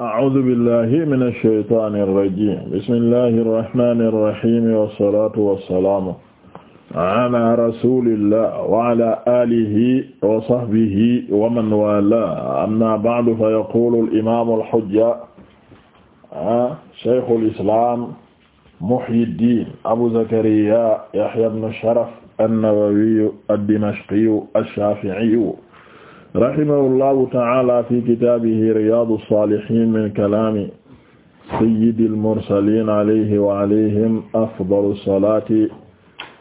أعوذ بالله من الشيطان الرجيم بسم الله الرحمن الرحيم والصلاة والسلام على رسول الله وعلى آله وصحبه ومن والاه أما بعد فيقول الإمام الحجة شيخ الإسلام محيي الدين أبو زكريا يحيى بن الشرف النووي الدمشقي الشافعي rahimahullahu ta'ala fi kitaabihi riyaadu saalihiin min kalaami sayyidil mursaliin alayhi wa alayhim afdalu salaati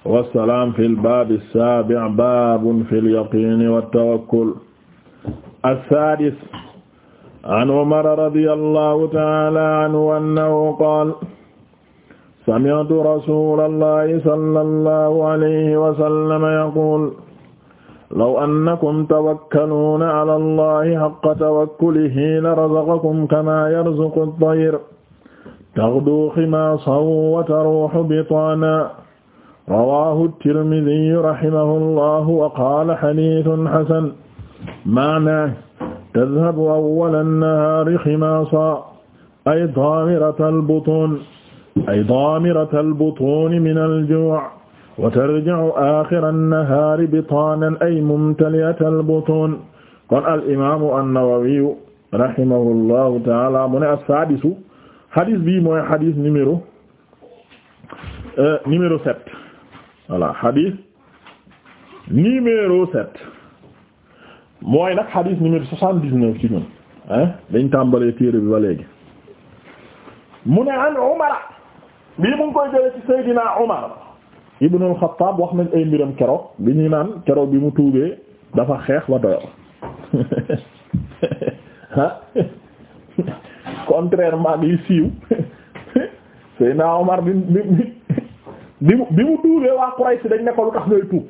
wa salaam fil baabi saabi' baabun fil yaqiini wat tawakkul as-saadis an Umar radiyallahu ta'ala anhu annahu qaala sami'tu rasuulallahi sallallahu alayhi wa sallam yaquulu law annakum tawakkaluuna ala allahi haqqa tawakkulihi la razaqakum kama yarzuqu at-tayr taghdu khimaasan wa taruuhu bitaanan rawaahu at-tirmidhi rahimahullahu wa qaala hadiithun hasan ma'naahu tadhhabu awwala an-nahaari khimaasan ay daamirata al-butuun ay daamirata al-butuun min al-juu' wa tarji'u aaxira an-nahaari bitaanan ay mumtali'ata al-butuun kon al-imaamu an-Nawawi rahimahullahu ta'aala mu ne as-saadisu hadis bii mooy hadis numéro euh, numéro sept voilà hadis numéro sept mooy nag hadis numéro soixante-dix-neuf ci ñun ah dañ tàmbalee téere bi ba léegi mu ne an Umar bii mu ngi koy jëlee ci Seydina Umar Ibn al-Khattab wax nañ ay mbiram kero bi ñuy naan keroog bi mu tuubee dafa xeex ba doyoo ah contrairement li bi mu bi mu tuubee waa Quraysh dañ ne ko lu tax ngay tuub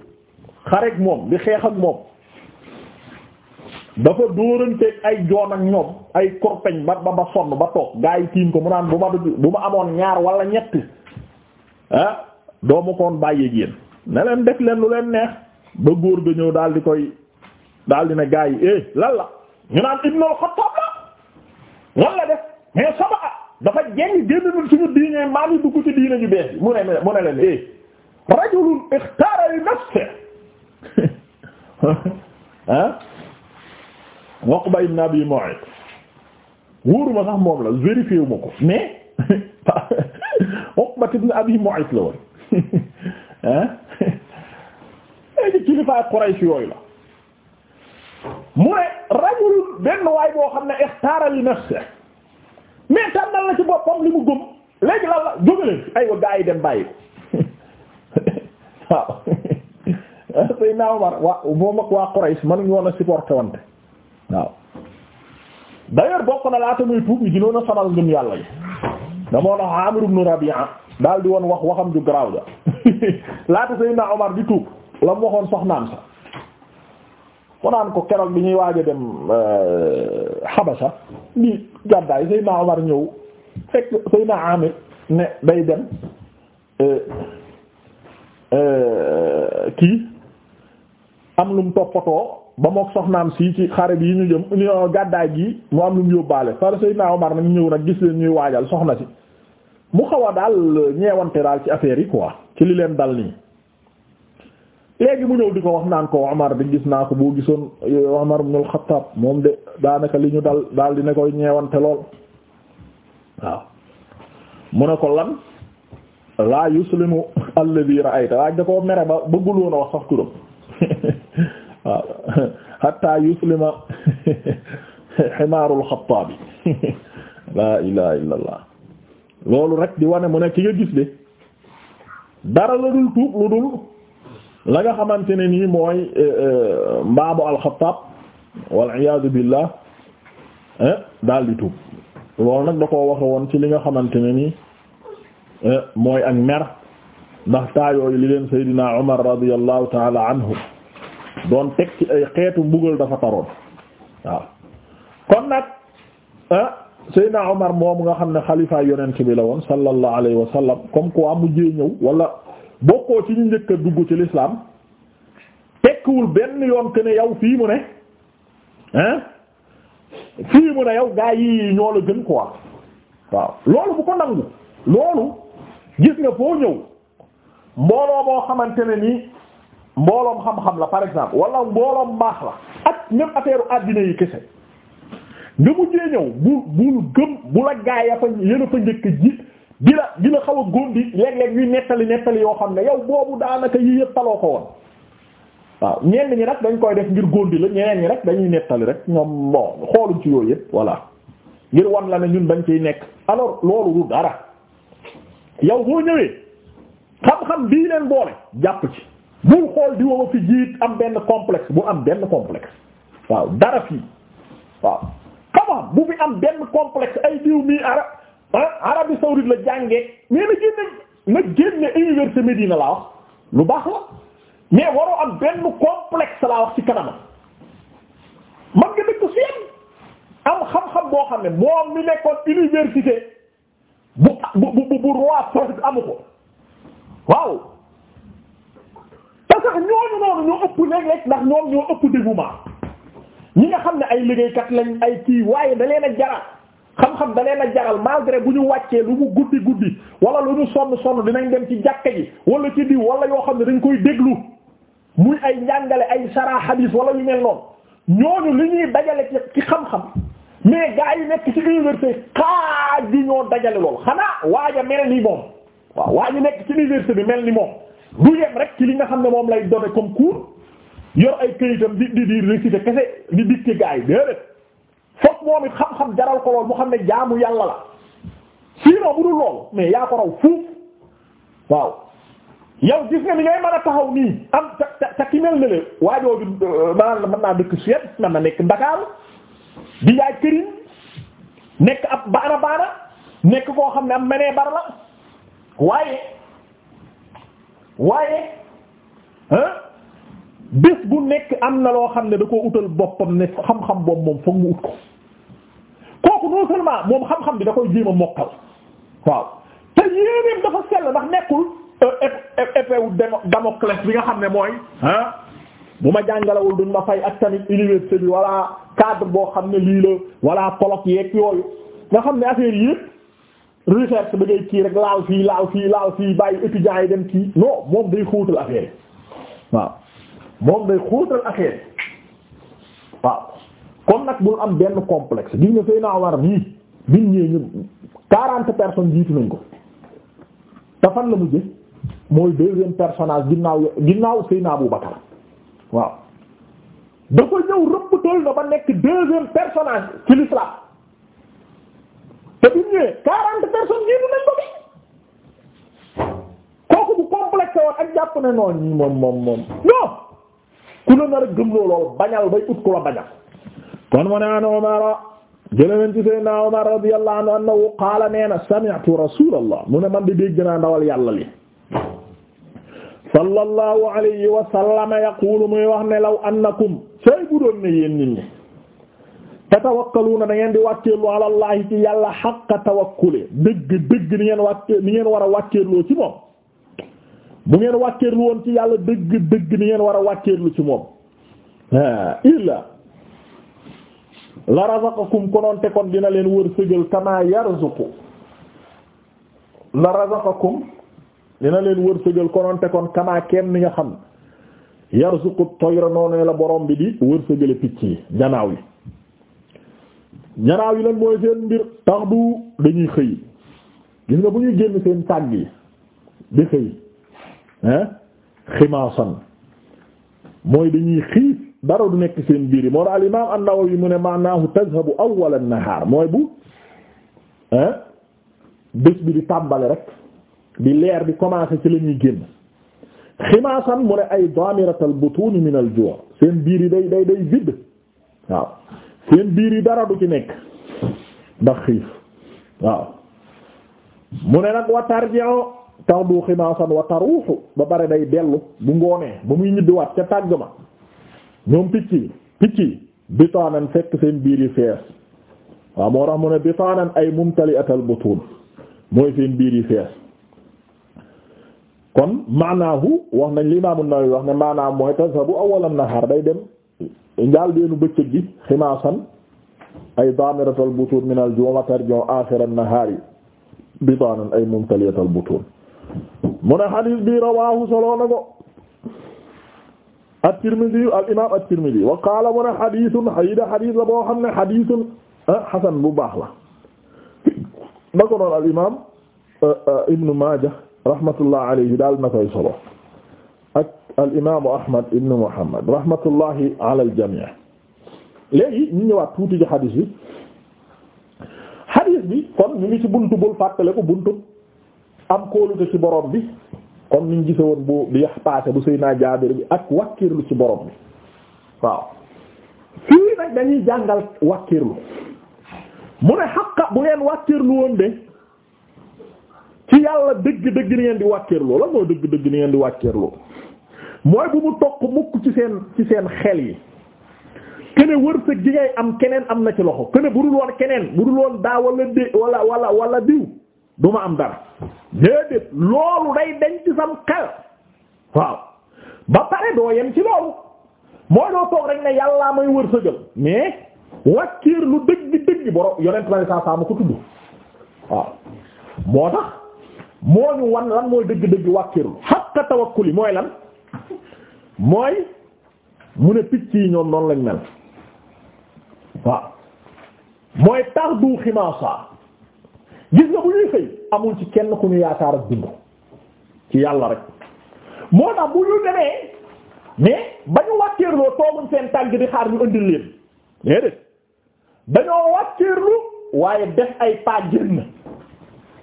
xareek moom di xeex ak moom dafa dóoranteeg ay joon ak ñoom ay korpeñ ba ba sonn ba toog gaa yi tiim ko mu naan bu ma bu ma amoon ñaar wala ñett ah. doomu koon bàyyi yéen ne leen def leen lu leen neex ba góor ga ñëw daal di koy daal di ne gaa yi eh lan la ñu naan Ibnul Xattaab la lan la def mais sama dafa jeng génnul suñu dugg ci diine ju bees bi mu ne mu ne leen eh rajulun ixtaara li nafsihi ah Uqba ibn Abi Mu'ayt wóoruma sax moom la vérifié ma ko mais Uqba ibn Abi Mu'ayt la ah léegi kilifaay Quraysh yooyu la mu rajul benn waay boo xam ne ixtaara li nafsihi mais tànnal na ci boppam li mu gëm léegi lan la jógaleen aywa gaa yi dem bàyyi ko waaw Seydina Omar waa moom ak waa Quraysh mënuñu woon a supporté wante waaw d'ailleurs bokk na laata muy tuub ñu gënoon a sonal ngëm yàlla yi damoo na Amr ibn Rabi'a daal di won wax waxam ju garaaw ja laata Seydina Omar di tuub la mu waxoon soxnaam sa mu naan ko keroog bi ñuy waaj a dem Habasha euh, di gàddaay Seydina Omar ñëw fekk na Amir ne day dem euh, euh, kii am lu mu toppatoo ba mook soxnaam si ci xare bi yi ñu jëm ñu gàddaay gii mu am lu mu yóbbaale far Seydina Omar nag ñëw nag gis leen ñuy waajal soxna si mu xaw a daal ñeewante daal ci affaire yi quoi ci li leen dal nii léegi mu ñëw di ko wax naan ko Omar bi gis naa ko boo gisoon euh, Omar ibn al-Khattab moom de daanaka li ñu dal daal dina koy ñeewante lool waaw mu ne ko lan laa yuslimu alladhi ra'ayta waaj da ko mere ba bëggul woon a wax sax turam waaw hatta yuslima himaarul Khattabi laa ilaaha illallah loolu rek di wane mu ne ki nga gis de dara la dul tuub lu dul la nga xamante ne nii mooy eh, eh, mbaabu alxatab wal iyaadu billah eh, daal di tuub loolu nag da ko waxe woon ci li nga xamante ne nii mooy ak mer ndax taayooyu li leen Seydina Umar radiyallahu taala anhu doon teg ci ay xeetu mbugal dafa taroon waaw kon nag Seydina Omar moom nga xam ne xalifa yonent bi la woon sallallahu alayhi wa sallam comme quoi mujjee ñëw wala bokkoo ci ñu njëkk a dugg ci lislaam tekkiwul benn yoon que ne yow fii mu ne hein fii mu ne yow gaa yi ñoo la gën quoi waaw loolu bu ko nangu loolu gis nga foo ñëw mbooloo moo xamante ne ni mbooloom xam-xam la par exemple wala mbooloom baax la ak même affaire u àddina yi kese. nga mujjee ñëw bu bul gëm bu la gaaya fa yéen a fa njëkk ji di la di la xaw a góondi léeg-léeg ñuy nettali nettali yoo xam ne yow boobu daanaka yi yëpp taloo ko woon waaw ñenn ñi nag dañ koy def ngir góondi la ñeneen ñi rek dañuy nettali rek ñoom bon xooluñ ci yooyu yëpp voilà ngir wan la ne ñun dañ ciy nekk alors loolu du dara yow boo ñëwee xam-xam bii leen boole jàpp ci bul xool di wow fi jiit am benn complexe bu am benn complexe waaw dara fii waaw comment bu fi am benn complexe ay diw mii arab ah, Arabie saoudite la jàngee mais na génne na génne université Médina laa wax lu baax la mais waroo am benn complexe laa wax ci kanamam man nga dëkk fi am xam-xam boo xam ne moom mi nekkoon université bu bu bu bu roi Fahd amu ko waaw parce que noonu ñoo ëpp léeg-léeg ndax ñoom ñoo ëpp dévouement ñi nga xam ne ay liggéeykat lañ ay kii waaye da leen a jaral xam-xam da leen a jaral malgré bu ñu wàccee lu mu guddi guddi wala lu ñu sonn sonn dinañ dem ci jàkka ji wala ci diw wala yoo xam ne dañ koy déglu muy ay njàngale ay sara hadis wala yu mel noonu ñooñu li ñuy dajale ci xam-xam mais gaa yi nekk ci université xaaj bi ñoo dajale lool xanaa waaja mel ni moom waaw waaji nekk ci université bi mel ni moom du yem rek ci li nga xam ne moom lay doon comme yor ay këyitam di di di xam-xam ko mu xam ne jaamu yàlla la sinon bu dul loolu a taxaw nii am mel euh, na nekk Dakar di jaay këriñ nekk ab baana baana nekk koo xam ne am menee bar waaye waaye ah. bés bu nekk am na loo xam ne da koo utal boppam ne xam-xam boobu moom foog mu ut ko kooku non moom xam-xam bi da koy jéem a mokkal waaw te yéenéem dafa sell ndax nekkul euh, épée wu Damoclès bi nga xam ne mooy ah bu ma jàngalawul duñ ma fay ak tamit université bi wala cadre boo xam ne lii la wala colloque yeeg yooyu nga xam ne affaire yépp recherche ba ngay kii rek laal fii laal fii laal fii bàyyi étudiants yi dem kii non moom day xóotal affaire yi moom day xóotal affaire waaw kon nag bul am benn complexe gis nga fay naa war nii biñ ñëwee ñun quarante personnes jiitu nañ ko te fan la mujje mooy deuxième personnage ginnaaw ginnaaw Seydina Abu Bakar waaw dafa ñëw rëbb tool na ba nekk deuxième personnage ci te biñ ñëwee quarante personnes jiitu nañ ko bi kooku bu complexe woon ak jàpp ne noonu moom moom moom non ku la nar a lool bañal bay ut la bañal kon mu an Umar jëleleen ci Seydina a radiyallahu anhu annahu qaala nee na sami'tu rasulallah mu man di dégg naa ndawal yàlla li sallallahu alayhi wa sallam yaqulu muy wax ne law annakum say bu doon ne yéen nit ñi tatawakkaluuna da ngeen di wàcceerlu ala Allah ci yàlla haqqa tawakkule dëgg dëgg ni ngeen wàcce ni ngeen war a wàcceerloo ci moom bu ngeen wàkkeerlu woon ci yàlla dëgg dëgg ni ngeen war a wàkkeerlu ci moom illa la razaqakum konoon te kon dina leen wërsëgal kama yarzuqu la razaqakum dina leen wërsëgal konoon te kon kama kenn ni nga xam yarzuqu toyra noonu la borom bi di wërsëgale picc yi njanaaw yi njanaaw yi lan mooy seen mbir tax du dañuy xëy gis nga bu ñuy génn seen tàgg yi di xëy ximaasan mooy dañuy xiif dara du nekk seen biir yi moo al imaam an mu ne maanaahu tazhabu awwal an-nahaar mooy bu bés bi di tàmbale rek di leer bi commencer ci la ñuy génn ximaasan mu ne ay daamirat al-butuun min al-juu' seen biir yi day day day vide biir yi dara du ci nekk ndax mu ne nag wa tarji'u taw du ximaasan wa taruuxu ba bare day dellu bu ngoonee ba muy ñibbiwaat ca tàgg ma ñoom picc yi picc yi bitaanan fekk seen biir yi fees waaw moo tax mu ne bitaanan ay mumtali'atal butuun mooy seen biir yi fees kon maanaahu wax nañ lii Imaam An-Nawawi wax ne maanaam mooy tazhabu awwalan nahaar day dem njaal deenu bëccëg gi ximaasan ay daamiratal butuun minal jumatar jon ay mumtali'atal butuun mu ne xadis bi rawaahu solo na ko al imaam at-Tirmidhi wa qaala mu ne xadisun la boo ne xadisun ah xasan bu baax la na ko noon al imaam ah, Ibn Maaja rahmatullah alayhi daal na koy solo al imaamu Ahmad ibn Muhammad rahmatullahi ala al jamii léegi ñu ñëwaat tuuti ci xadis bi xadis bi kon ñu ngi ci buntu bul fàttale ko buntu. am kóolute ci borom bi comme niñ gise woon bu bi yax paase bu sëy naa jaabir bi ak wàkkirlu ci borom bi waaw fii nag dañuy jàngal wàkkirlu mu ne xaqa bu ngeen wàkkirlu woon de ci yàlla dëgg-dëgg ni ngeen di wàkkirlu la mooy dëgg-dëgg ni ngeen di wàkkirlu mooy bu mu toq mukk ci seen ci seen xel yi kene wërsëg gi ngay am keneen am na ci loxo kene bu dul woon keneen bu dul woon daa wala dé wala wala diw du ma am dara déedéet loolu day denc ci sam xel waaw ba pare doo yem ci loolu mooy doo toog rek ne yàllaa may wërsëgal mais wàcceer lu dëgg dëgg borom yonent na saa saa ma ko tudd waaw moo tax moo ñu wan lan mooy dëgg dëgg wàcceer lu hakka tawakkuli mooy lan mooy mu ne picc yi ñoom noonu lañ mel waaw mooy tardu ximaasa gis nga bu ñuy xëy amul ci kenn ku ñu yaakaar ak dund ci yàlla rek moo tax bu ñu demee mais ba ñu wàcceerloo tooguñ seen tànk di xaar ñu ëndil leen déedéet dañoo wàcceerlu waaye def ay pas génn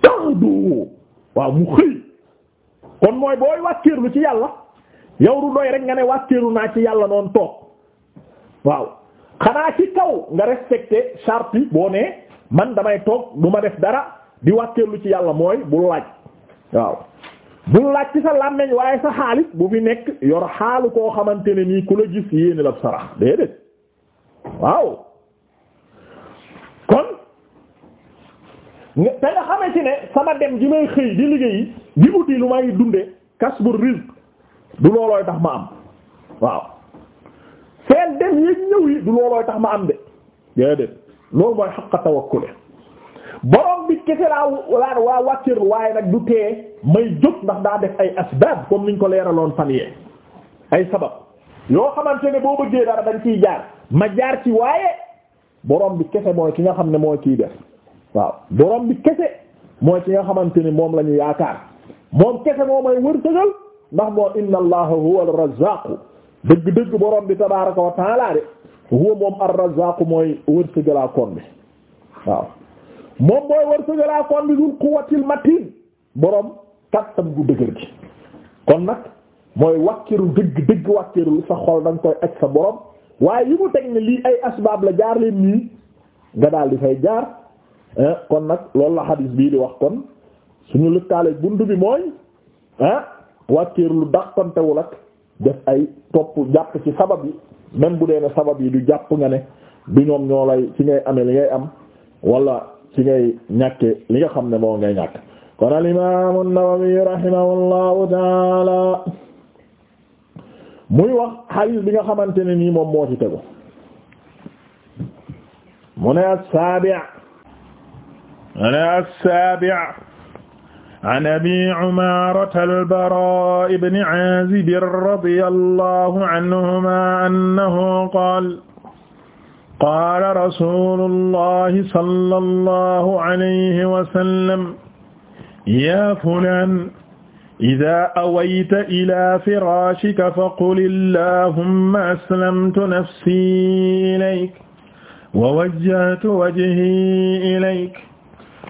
tardoo waaw mu xëy kon mooy booy wàcceerlu ci yàlla yow du doy rek nga ne wàcceerlu naa ci yàlla noonu toog waaw xanaa ci kaw nga respecté charte boo nee man damay toog du ma def dara di wàkkeelu ci yàlla mooy bul laaj waaw bul laaj ci sa làmmeñ waaye sa xaalis bu fi nekk yor xaalu koo xamante ne nii ku la gis yéene la sarax déedéet waaw kon te nga xamante ne sama dem ji may xëy di liggéeyi di uti lu may dunde kasbu rizq du loolooy tax ma am waaw seen dem yi ñëw yi du loolooy tax ma am de déedéet loolu mooy xaqa tawakkule borom bi kese laa waa wàccir waaye nag du tee may jóg ndax daa def ay asbab comme niñ ko leeraloon fan yee ay sabab yoo xamante ne boo bëggee dara dañ ciy jaar ma jaar ci waaye borom bi kese mooy ki nga xam ne mooy kiy def waaw borom bi kese mooy ki nga xamante ne moom la ñu yaakaar moom kese moo may wërsëgal ndax moo inna allaha huwa al razzaq dëgg-dëgg borom bi tabaaraka wa de huwa moom ar-Razzaq mooy wërsëgalaa koon bi waaw moom mooy wërsëgalaa koon bi dul quwwatil matin boroom kattan gu dëgër gi kon nag mooy wàkkiru dëgg dëgg wàkkiru sa xol da koy aj sa borom waaye yi mu teg ne lii ay asbaab la jaar leen nii nga daal di fay jaar eh, kon nag loolu la xadiis bii di wax kon ñu lëkkaale buntu bi mooy ah wàkkiru lu dax kontewul ak def ay topp jàpp ci sabab yi même bu dee ne sabab yi du jàpp nga ne bi ñoom ñoo lay ci ngay amee li ngay am wala ci ngay ñàkke li nga xam ne moo ngay ñàkk kon al imam an-Nawawi rahimahullahu taala muy wax xadiis bi nga xamante ne nii moom moo ci tegu mu ne as-sabi' mu ne as-sabi' an abi umaarata al-baraa ibni aazib radiyallahu anhumaa annahu qaala qaala rasuulullahi sallallahu alayhi wa sallam yaa fulaan izaa awayta ilaa firaashika faqul allaahumma aslamtu nafsii ilayka wa wajjahtu wajhii ilayka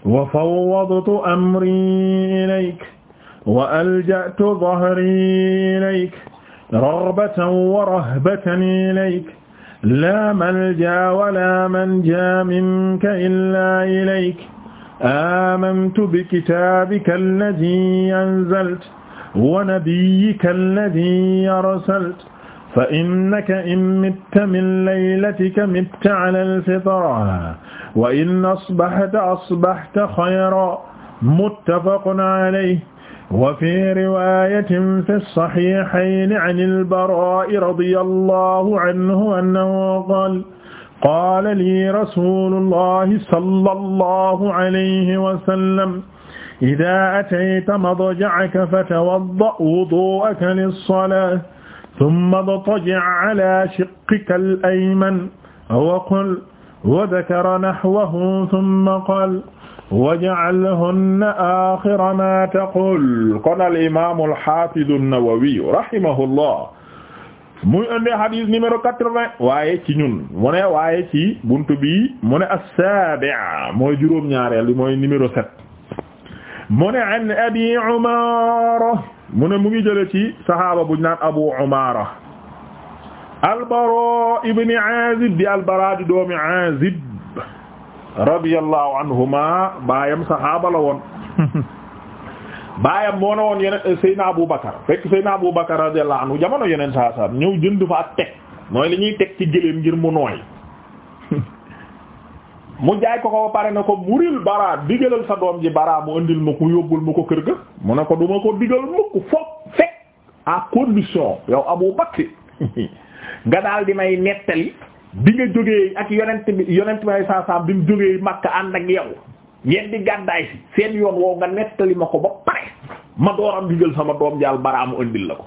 wa fawwadtu amri ilayk wa alja'tu dhahri ilayk raghbatan wa rahbatan ilayk laa malja wa laa manja minka illaa ilayk aamantu bikitaabika alladhii anzalta wa nabiyyika alladhii arsalta fa innaka in mitta min laylatika mitta ala al-fitra wa in asbahta asbahta xayran muttafaqun alayhi wa fii riwaayatin fi saxiixayni an al-baraa'i radiyallahu anhu annahu qaala qaala lii rasuulullahi sallallahu alayhi wa sallam idaa atayta madja'aka fatawadda' wudu'aka lis-salaati ثم اضطجع على شقك الأيمن وقل وذكر نحوه ثم قال واجعلهن آخر ما تقول kon الإمام الحافظ النووي رحمه الله muy indi hadith numéro quatre-vingts waaye ci ñun mu ne waaye ci buntu bi mu ne as-sabi' mooy juróom-ñaareel bi mooy numéro sept mu ne an Abi Umaara mu ne mu ngi jële ci saxaaba bu naan Abu Umaara al-Baraa ibni Aazib di al-Baraa di doomi Aazib radiyallahu anhuma baayam saxaaba la baayam moo na woon yeneen Abu Bakar fekk Abu Bakar radiyallahu anhu jamono yeneen saa saa ñëw fa ak teg mooy li ñuy teg ci gëléem ngir mu nooy mu jaay ko ko ba pare na ko muril bara digalal sa doom ji bara mu indil ma ko yóbbul ma ko kër ga mu ne ko du ma ko digal mukk foog fekk à condition yow Abu Bakr nga daal di may nettali bi nga jógee ak yonent bi yonent bi ay saasaam bi mu jógee Makka ànd ak yow ngeen di gàddaay si seen yoon woow nga nettali ma ko ba pare ma dooram digal sama doom jaal bara mu indil la ko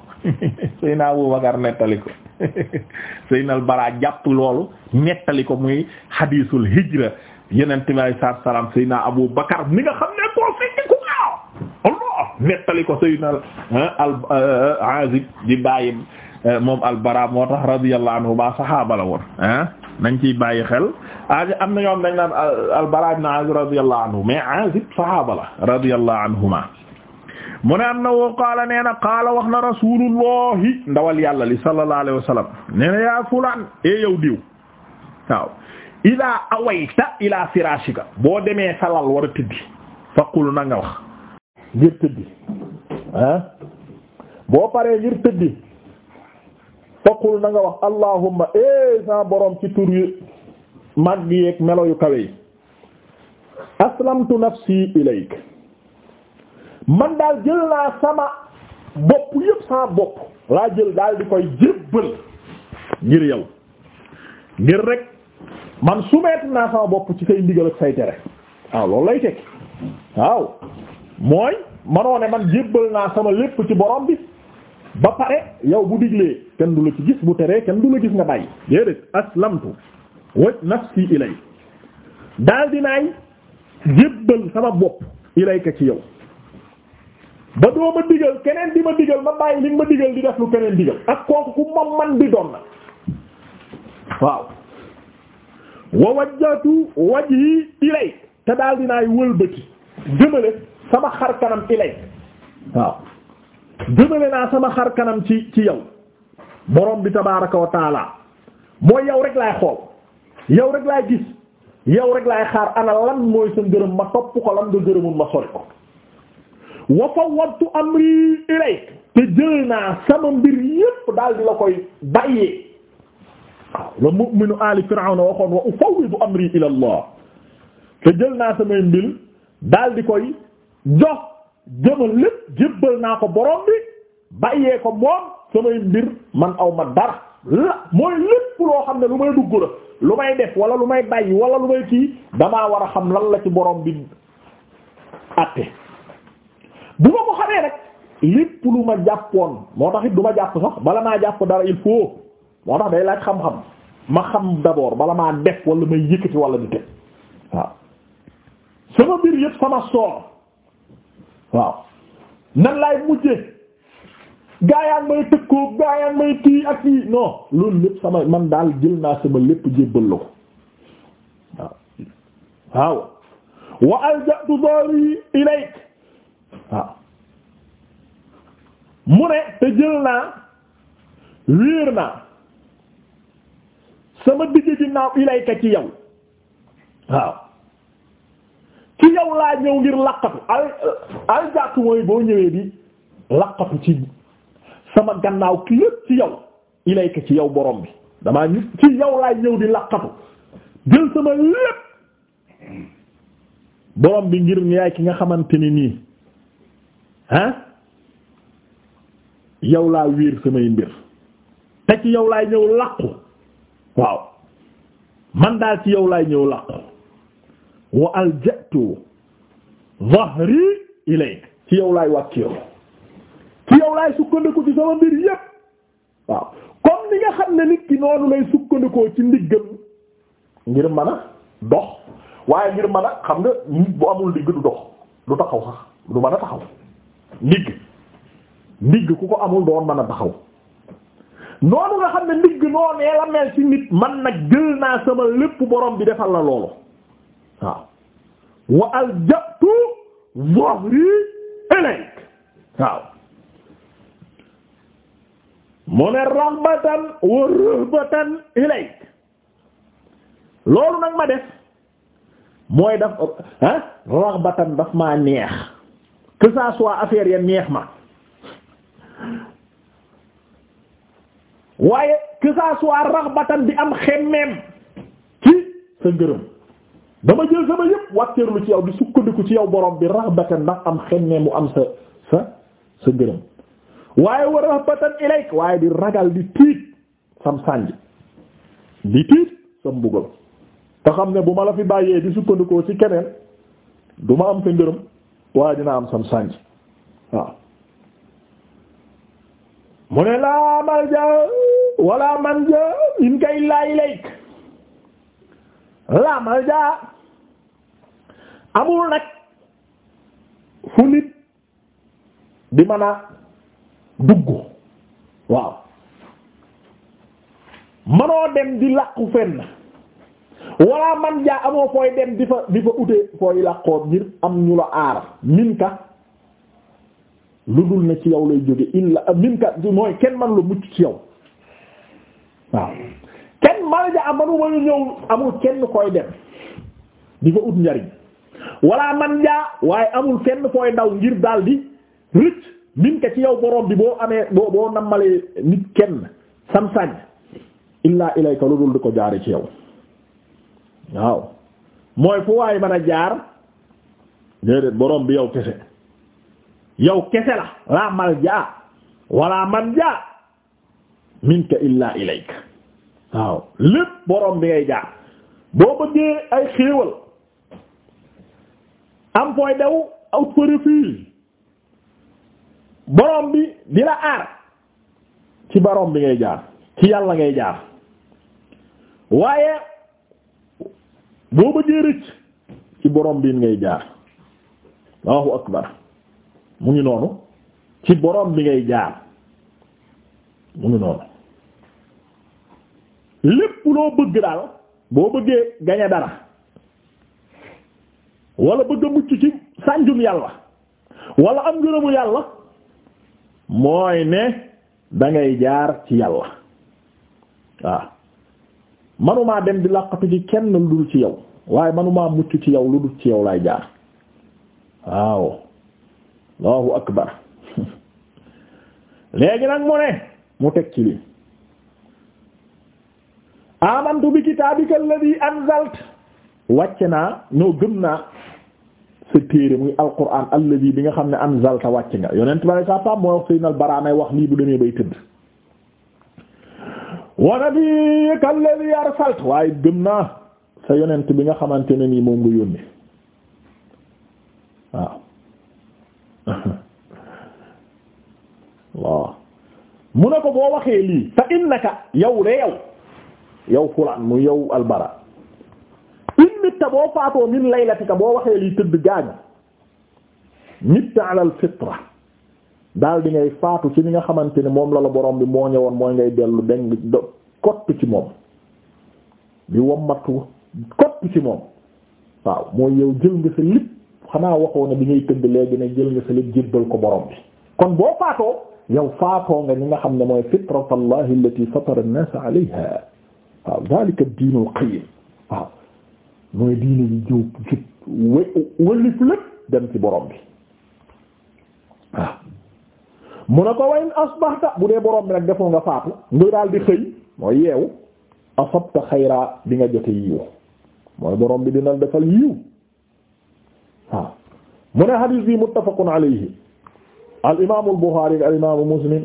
sëy naa Abu Bakr nettali ko Seynal Bara jàpp loolu nettali ko muy hadisul hijra yeneen tibaay saa salaam Seyna Abu Bakar mi nga xam ne koo fekk ku gaaw Allah nettali ko Seyna al ah, ah, Azib di bàyyi ah, moom al Bara moo tax radiyallahu anhu ba saxaaba la bàyyi xel. Azib am na dañ naan al Bara ibn Azib anhuma mu ne am qaala nee na qaala wax na rasulullahi ndawal yàlla li sallallahu alayhi wa sallam nee na yaa fulaan e yow diw waaw awayta ila firashika boo demee sa lal war a tëddi faqul na nga wax ngir tëddi ah boo pare ngir tëddi faqul na nga wax allahumma e eh, sa borom ci tur yu mag yeeg melo yu kawe yi aslamtu nafsi ilayk man daal jël naa sama bopp yépp sama bopp laa jël daal di koy jébbal ngir yow ngir rek man soumettre naa sama bopp ci say ndigal ak say tere waaw loolu lay tekki waaw mooy manoo ne man jébbal naa sama lépp ci borom bi ba pare yow bu diglee kenn du la ci gis bu teree kenn du la gis nga bàyyi déedéet aslamtu waj nafsi ilay daal dinaay jébbal sama bopp ilayka ci yow ba doo ma digal keneen bi ma digal ma bàyyi li ma digal di def lu keneen digal ak kooku ku ma man bi doon na waaw wa wajjatu wajhi ilay te daal dinaay wëlbati jëmale sama xar kanam ilay waaw jëmale naa sama xar kanam ci ci yow borom bi tabaaraka wa taala mooy yow rek laay xool yow rek laay gis yow rek laay xaar ana lan mooy sa ngërëm ma topp ko lan nga gërëmul ma sori ko wa fawwadtu amri ilayk te jël naa sama mbir yépp daal di la koy bàyyee la mu'minu ali firawna waxoon wa ufawwidu amri ila allah te jël naa samay mbir daal koy jox jëmal lépp jébbal naa ko borom bi ko moom samay mbir man aw ma dara la mooy lépp loo xam ne lu may dugg la lu may def wala lu may bàyyi wala lu may kii damaa war xam lan la ci borom bi bu ma ko xamee rek lépp lu ma jàppoon moo tax du ma jàpp sax bala maa jàpp dara il faut moo tax day laaj xam-xam ma xam d'abord bala maa def wala may yëkkati wala di teg waaw sama mbir yëpp sama soor waaw nan laay mujjee gaayaan may tëkkoo ak kii non loolu lépp sama man daal jël naa sama lépp jébbal la ko waaw waaw wa alja'tu dari ilayk waaw mu ne te jël naa wéer naa sama digg ginnaaw ilayka ci yow waaw ci yow laa ñëw ngir laqatu al aljaatu mooy boo ñëwee di laqatu ci sama gannaaw ki lépp ci yow ilayka ci yow borom bi damaa ñu ci yow laa ñëw di laqatu jël sama lépp borom bi ngir yaay ki nga xamante ni nii ah yow laa wiir samay mbir te ci yow laay ñëw làqu waaw man daal ci yow laay ñëw làqu wa alja'tu dhahri ilayk ci yow laay wàkkiiru ci yow laay sukkandiku ci sama mbir yépp waaw comme ni nga xam ne nit ki noonu lay sukkandikoo ci ndiggam ngir mën a dox waaye ngir mën xam nga bu amul digg du dox du taxaw sax du mën taxaw ndigg ndigg ku ko amul doon mën a taxaw noonu nga xam ne ndigg noonee la mel ci nit man nag jël naa sama lépp borom bi defal na loolu waaw wa alja'tu dhahri ilayk waaw mu ne raghbatan wa rahbatan ilayk loolu nag ma def mooy daf ah daf maa neex que ça soit affaire ya neex ma waaye que ça soit raxbatan bi am xemmeem ci sa ngërëm dama jël sama yëpp wàcceerlu ci yow di sukkandiku ci yow borom bi raxbatan ndax am xemmeem mu am sa sa sa ngërëm waaye wa raxbatan ilayk waaye di ragal di tiit sam sànj di tiit sam mbugal te xam ne bu ma la fi bàyyee di sukkandikoo ci keneen du ma am sa ngërëm waaye dina am sam sànj mu ne laa malja wala manja min kay laay layk laa malja amul nag fu di mën a dugg waaw manoo di làqu fenn walla man jaa amoo fooy dem di fa di fa utee fooy làqoo ngir am ñu la aar minka lu dul ne ci yow lay jóge illa minka mooy kenn man la mucc ci yow waaw kenn man jaa manuma ñu ñëw amul kenn koy dem di fa ut njariñ walla man jaa waaye amul kenn fooy ndaw ngir daal di rëcc minka ci yow borom bi boo amee boo boo nammalee nit kenn sam sañ illa ilayka lu dul di ko jaare ci yow waaw mooy fu waay mën a jaar déedéet borom bi yow kese yow kese la laa mal jaa wala man jaa minka illaa ilayka waaw lépp borom bi ngay jaar boo bëggee ay xéewal am fooy daw out fa refuge borom bi di la aar ci borom bi ngay jaar ci yàlla ngay jaar waaye boo bëggee rëcc ci borom bii ngay jaar Allahu akbar mu ngi noonu ci borom bi ngay jaar mu ngi noonu lépp loo bëgg daal boo bëggee gañe dara wala bëgg a mucc ci sànjum yàlla wala am ngërëmu yàlla mooy ne dangay jaar ci yàlla waaw manumaa dem di làqatu ci kenn lu dul ci yow waaye manumaa mucc ci yaw lu dul ci yow laay jaar waaw allahu akbar léegi nag mu ne mu teg ci amantu bi kitaabika alladhi anzalt wàcce naa ñoo gëm naa sa téere muy alquran alladhi bi nga xam ne anzalta wàcce nga yonent ba ne saa paam mooy wax sëy nal baraa nay wax lii bu demee bay tëdd wa nabiyyika alladhi waaye gëm naa sa bi nga xamante ne nii moom nga yónni waaw waaw mu ne ko boo waxee lii fa innaka yow de yow yow mu yow albara in mitta boo faatoo min laylatika boo waxee lii tëdd gaañu mitta ala al daal di ngay faatu ci li nga xamante ne moom la la borom bi moo ñëwoon mooy ngay dellu deng do kottu ci moom bi wommatu kottu ci moom waaw mooy yow jël nga sa lépp xanaa waxoo ne bi ngay tëdd léegi ne jël nga sa lépp jébbal ko borom bi kon boo faatoo yow faatoo nga li nga xam ne mooy fitratallahi allati fatara an-nasa alayha waaw daalika diinul waaw mooy diine yi jiw jub wé wëlif lépp dem ci borom bi waaw mu ne ko wayn asbahta bu dee borom bi nag defoo nga faatu nga daal di xëy mooy yeewu asabta xayra di jote yiw mooy borom bi dina defal yiw mu ne hadis bi muttafaqun alayhi al imaamu al buxaari al imaamu muslim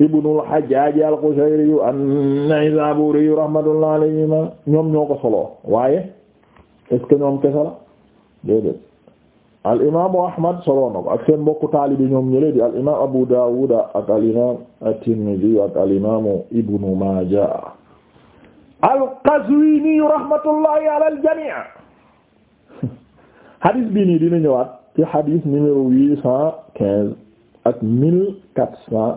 ibnu al hajjaaj al qushayri an-naysaburi rahmatullah alayhima ñoom ñoo ko soloo waaye est ñoom kese la déedéet al imaamu Ahmad solo na ko ak seen mbokku taalibi ñoom ñële di al imaam Abu Dawud ak al imaam at-Tirmidhi ak al imaamu Ibnu Maaja al-Qazwini rahmatullahi ala al-jamii. hadith bii nii dina ñëwaat ci hadith numéro huit cent quinze ak mille quatre cent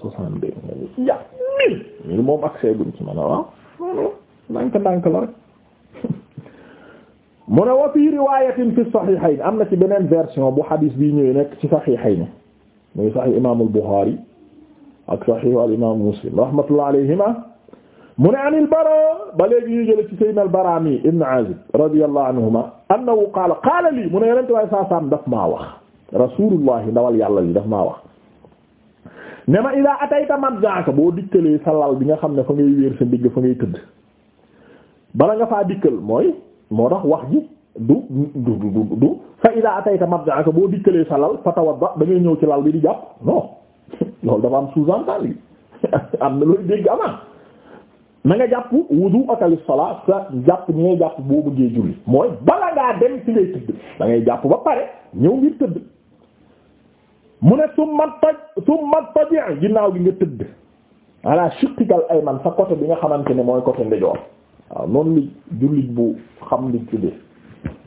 soixante deux. yaa mille. mille moom ak seeguñ ci man waaw. non non ndànk ndànk la mu ne wa fii riwaayatin fi saxiixayn am na ci beneen version bu xadis bii ñëwee nekk ci saxiixayn muy saxiix imaamul Buxaari ak saxiix al imaamu Muslim rahmatullahi alayhima mu ne anil Baraa ba léegi ñuy jële ci sayyidina al Baraa mi ibn Aazib radiyallahu anhuma annahu mu ne yonente waaye daf maa wax rasuulullahi ndawal yàlla li daf maa wax ne ma idaa atayta madjaaka boo dikkalee sa lal bi nga xam ne fa ngay wéer sa ndigg fa ngay tëdd bala faa dikkal mooy moo tax wax ji du du du du fa ida atayta mabda'aka boo dikkalee sa lal fa tawadda da ngay ñëw ci lal bi di jàpp non loolu dafa am sous-entendu am na looy dégg amaa na nga jàpp wudu akali sala sa jàpp ñi ngay jàpp boo bëggee julli mooy bala ngaa dem ci ngay tëdd da ngay jàpp ba pare ñëw ngir tëdd mu ne summa toj summa toji ginnaaw gi nga tëdd ala ay man sa côté bi nga xamante ne mooy côté ndijoor waaw noonu li jullit bu xam li tëddee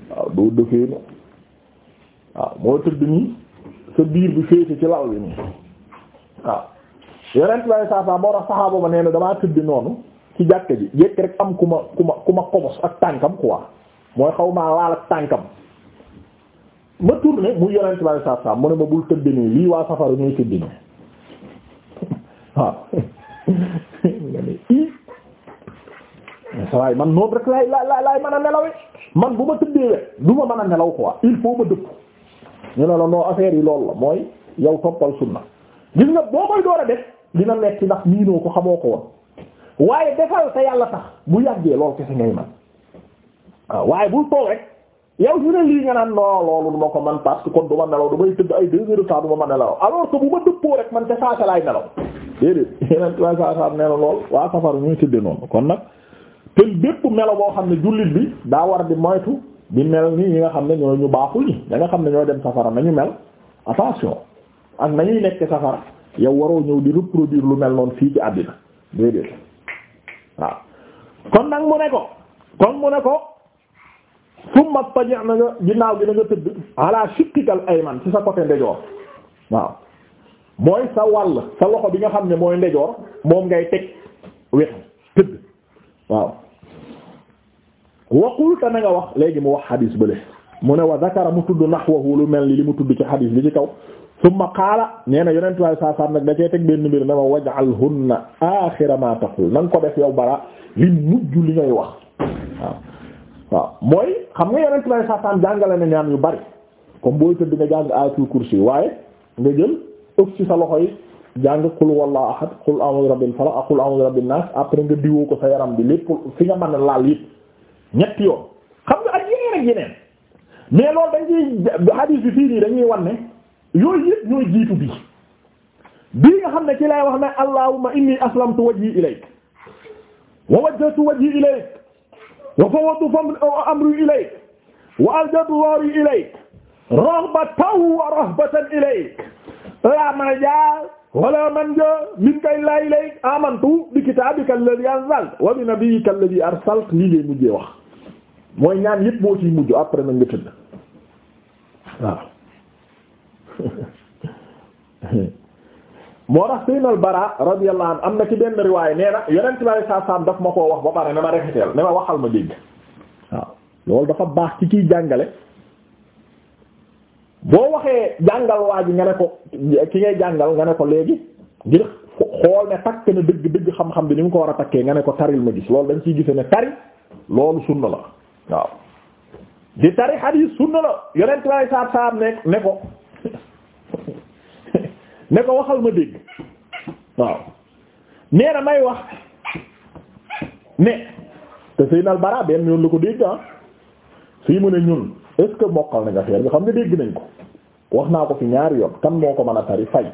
waaw doo dëfee na waaw moo tëdd nii sa biir bi féete ci lal bi nii waaw yeneen lay saa saa moo tax saxaaba ma nee damaa tëdd noonu ci jàkka ji yekk rek am ku ma ku ma kobos ak tànkam quoi mooy xaw maa laal ak tànkam ma tourné mu yonent bi sallallahu alayhi mu ne ma bul tëdd nii lii waa safara ñuy tëdd nii waaw waaye man noonu rek laay laay laay mën a nelawee man bu ma tëddee wet du ma mën a nelaw quoi il faut ma dëpp ñu ne noo affaire yi loolu mooy yow toppal sunna gis nga a def dina metti ndax miinoo ko xamoo ko woon waaye defal sa yàlla tax bu yàggee lool kese ngay man waaw ah, waaye bul toog rek yow ñu ne lii nga naan ko man parce kon du ma nelaw du may tëdd ay deux heures du ma mën nelaw alors que bu ma dëppoo rek man te saasa laay nelaw déedéet yeneen trois saa saa lool waa safar ñu tëddee noonu kon nag te bépp melo boo xam ne jullit bi daa war di moytu bi mel ni ñi nga xam ne ñoo ñu baaxul ñi da nga xam ne ñoo dem safara nañu mel attention ak nañuy nekk safara yow waroo ñëw di reproduire lu mel noonu fii ci àddina déedéet waaw kon nag mu ne ko kon mu ne ko summa taja na nga ginnaaw gi na nga tëdd ala shiqqikal ayman ci sa côté ndejoor waaw mooy sa wàll sa loxo bi nga xam ne mooy ndejoor moom ngay teg wetu waaw waqul te na nga wax léegi mu wax xadis bële mu ne wa zakara mu tudd nahwahu lu mel ni li mu tudd ci xadis li ci kaw summa qaala nee na yonent waaye saa saam nag da cee teg benn mbir ne ma waj'alhunna aaxira ma taqul na nga ko def yow bara li mujj li ngay wax waaw waaw mooy xam nga yonent waaye saa jàngale na ñaan yu bari comme booy tëdd nga jàng aayatul yu waaye nga jël ëpp ci sa loxo yi jàng qul wallahu ahad qul a laal yëpp ñetti yoon xam wa wajjahtu wajhi ilayk wa fawwadtu amri ilayk wa aljatu wari ilayk wa rahbatan ilayk la malja wala man ja min kay lay lay amantu bi kitaabika alladhi anzalta wa bi nabiyyika alladhi arsalta lii ngay mujjee wax mooy ñaan yëpp moo ci mujj après na nga tëdd waaw moo tax Seynal Bara radiyallahu am na ci benn riwaay nee na yonent bi sallallahu alayhi daf ma ko wax ba pare ne ma rafetal ne ma waxal ma dégg waaw loolu dafa baax ci kiy jàngale. boo waxee jàngal waa ji nga ne ko ki ngay jàngal nga ne ko léegi ngir xool ne takk na dëgg dëgg xam-xam bi ni mu ko war a takkee nga ne ko taril ma gis loolu dañ ciy gise ne tari loolu sunna la waaw di tari hadith sunna la yonent lay saab saab ne ne ko ne ko waxal ma dégg waaw nee na may wax ne te sëy nal bara benn yoon la ko dégg ah fii mu ne ñun est-ce que mokkal nañ affaire bi xam nga dégg nañ ko wax naa ko fi ñaari yoon kan moo ko mën a tari fay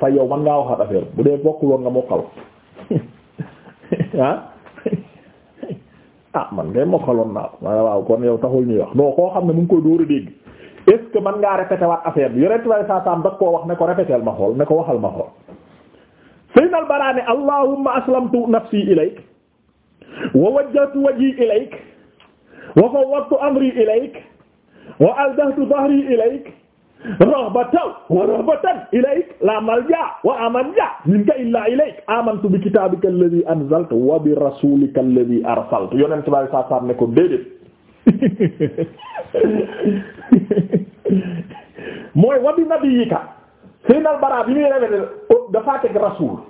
fay yow man ngaa waxaat affaire bu dee bokkul woon nga mokkal ah ah man ngay mokkaloon naa ko ma waaw kon yow taxul ñuy wax non koo xam ne mu ngi koy dóor dégg est que man ngaa répété waat affaire bi yoretu lay saa saam dag koo wax ne ko répétéel ma xool ne ko waxal ma xool saynal baraane allahumma aslamtu nafsi ilayk wa wajjahtu wajhi ilayk wa wa aldahtu dhahri ilayk raghbatan wa rahbatan ilayk la malja wa amanja minka illa ilayk amantu bi kitabika alladhi anzalta wa bi rasulika alladhi arsalta yonent bay sa sa ne ko déedéet mooy wa bi nabiyyika seenal bara bi muy rewete dafa teg rasul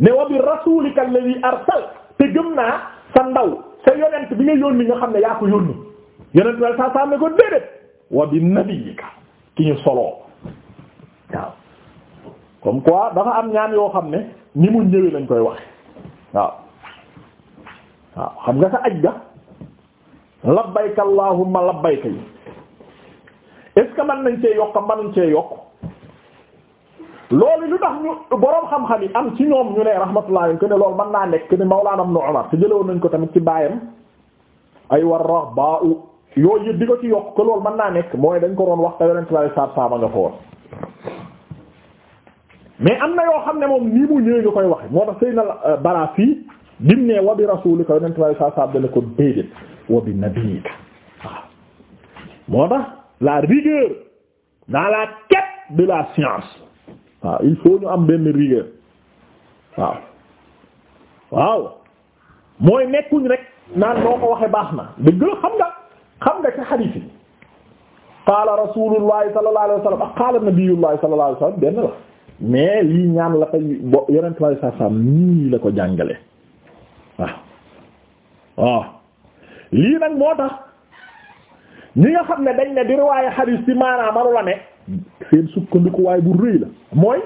ne wa bi rasulika alladhi arsalta te gëm naa sa ndaw sa yonent bi nga yónni nga xam ne yaa ko yeneen tubaab saa saa ne ko déedéet wa bi nabiyika ki ñu soloo waaw comme quoi dafa am ñaan yoo xam ne ni mu ñëwee lañ koy waxe waaw waaw xam nga sa aj ga labbayka allahumma labbayka yi est-ce que mën nañ cee yokk mën nañ cee yokk loolu lu tax ñu boroom xam-xam yi am ci ñoom ñu ne rahmatullahi que ne loolu mën naa nekk que ne Mawlaana Ibn Umar te jëlewoon nañ ko tamit ci baayam ay war rahbaa'u yooyu yëpp di ko ci yokk que loolu mën naa nekk mooy dañ ko doon wax te yonent bi saa saama nga fa woon mais am na yoo xam ne moom nii mu ñëwee nga koy waxe moo tax sëy na bara fii dim ne wa bi rasulika yonent bi saa dana ko déedéet wa bi nabiika waaw moo tax la rigueur dans la quête de la science waaw il faut ñu am benn rigueur waaw waaw mooy nekkuñ rek naan noo ko waxe baax na dëgg la xam nga xam nga ci xadiis yi qaala rasulullahi sallallahu alayhi wa qaala nabiyullahi sallallahu alayhi wa sallam benn la mais lii ñaan la koy bo nii la ko jàngale waaw lii nag moo tax ñi nga xam ne dañ ne di riwaaye xadiis ci maanaam manu la ne seen sukkandiku bu rëy la mooy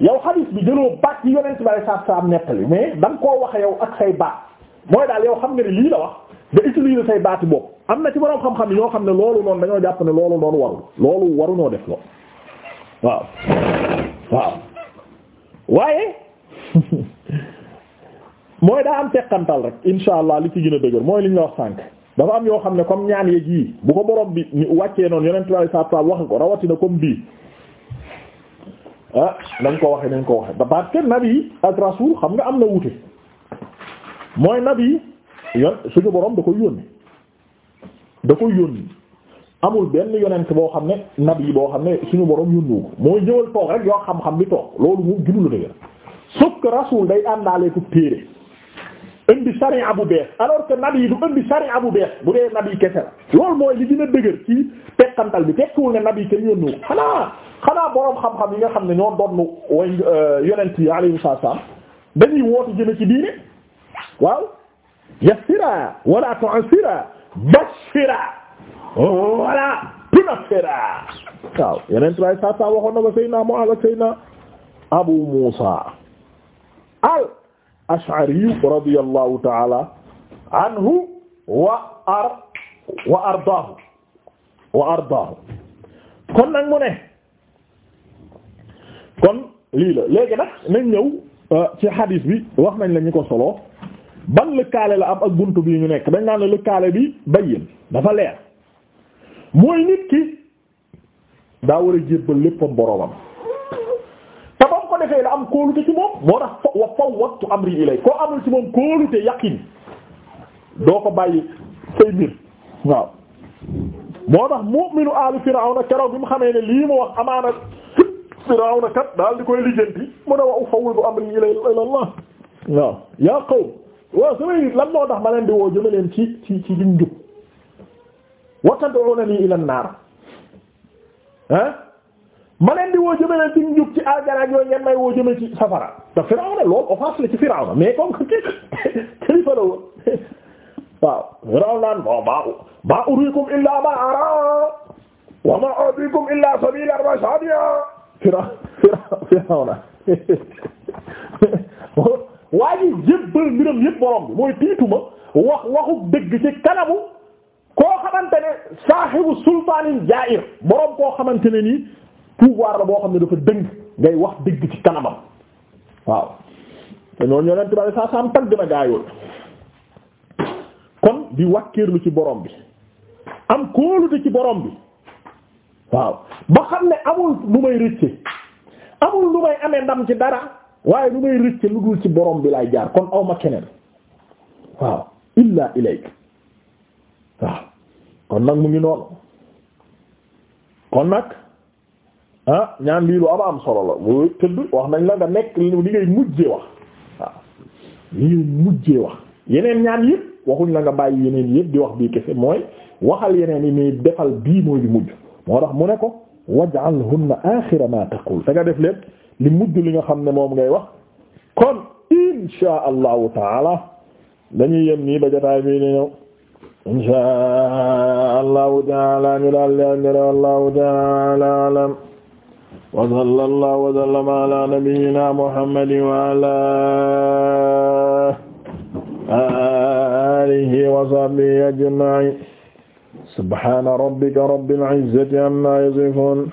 yow xadiis bi jëloo baat ci yonent sallallahu alayhi wa sallam nettali mais da koo wax yow ak say baat mooy daal yow xam nga ne lii la wax nga utiliser say baati bopp am na ci borom xam-xam ñoo xam ne loolu noonu dañoo jàpp ne loolu noonu warul loolu waruñoo def loolu waaw waaw waaye mooy daa am teqantal rek insha allah li ci gën a dëgër mooy li ñu la wax sànq dafa am yoo xam ne comme ñaan yeeg yii bu ko borom bi ñu wàccee noonu yeneen tubaab yi saa wax ko rawatina comme bii ah nañ ko waxee dañ ko waxee da parce que nabi ak rasul xam nga am na wuute mooy nabi yon suñu borom da ko yónni. da ko yónni amul benn yonent boo xam ne nab yi boo xam ne suñu borom yónnu ko mooy ñëwal toog rek yoo xam-xam bi toog loolu moom gënu la dëgër sauf que rasul day àndaale ko téere indi sharia bu bees alors que nab yi du indi sharia bu beex bu dee nab yi kese la loolu mooy li dina dëgër ci tekkantal bi tekkiwul ne nab yi kenn yónnu ko xanaa xanaa boroom xam-xam yi nga xam ne ñoo doon way euh, yonent yi alayhi salaam dañuy woote jëme ci diine waaw yasira wala basfira wala tunafira waaw yeneen tubaab yi saa saa waxoon na ko Seydina Mu'aaz ak Seydina Abu Muusa al-Ash'ari radiyallahu ta'ala anhu wa ar wa ardaahu wa ardaahu kon nag mu ne kon lii la léegi nag nañ ñëw euh, ci hadith bi wax nañ la ñu ko solo. ban lëkkaale la am ak buntu bii ñu nekk dañ naan lëkkaale bi bayyin dafa leer mooy nit ki daa war a jébbal léppam boroomam te ba ko defee la am kóolute ci moom moo tax wa fawwattu amri ilay koo amul ci moom kóolute yaqin doo ko bàyyi say mbir waaw moo tax mu'minu alu na keroog bi mu xamee ne lii mu wax amaana firawna kat daal di koy lijjanti mu ne wa ufawwidu amri ilay ilallah waaw yaa qawm waaw samay nit lan moo tax ma leen di woo jëme leen ci ci ci liñ jub wa tad'unani ila an-nar ah ma leen di woo jëme leen ci njub ci aljana yooyu ngeen may woo jëme ci safara te Firawna loolu offense la ci Firawna mais comme que kilifa la woon waaw Firawna non ma ma uriikum illa ma ara wa ma ahdiikum illa sabila ar-rashad Firawna Firawna waaye jébbal mbiram yëpp borom bi mooy tiituma wax waxu dëgg ci kanamu koo xamante ne saaxibu sultaanin jaa'ir borom koo xamante ne nii pouvoir la boo xam ne dafa dëng ngay wax dëgg ci kanamam waaw te ñooñu ñoo leen tubaab saa saa am tànk dina gaayoon kon di wàkkeerlu ci borom bi am kóolute ci borom bi waaw ba xam ne amul lu may rëcce amul lu may amee ndam ci dara. waaye lu may rëcc lu dul ci borom bi laay jaar kon awma keneen waaw illa ilayk waaw kon nag mu ngi noonu kon nag ah ñaan bii lu am am solo la boo tëdd wax nañ la nga nekk li ngay mujjee wax waaw li ngay mujjee wax yeneen ñaan yépp waxuñ la nga bàyyi yeneen yépp di wax bii kese mooy waxal yeneen yi mais defal bii mooy mujj moo tax mu ne ko waj'alhunna aaxira ma taqul te nga def lépp li mujj li nga xam ne moom ngay wax kon insha allahu taala dañuy yem nii ba jotaay bi ni ñëw insha allahu taala ñu daal di àndale wallahu taala alam wa sallallahu wa sallama ala nabiyyina muhammadin wa ala alihi wa sahbihi ajma'in subhana rabbika rabbil izzati amma yasifun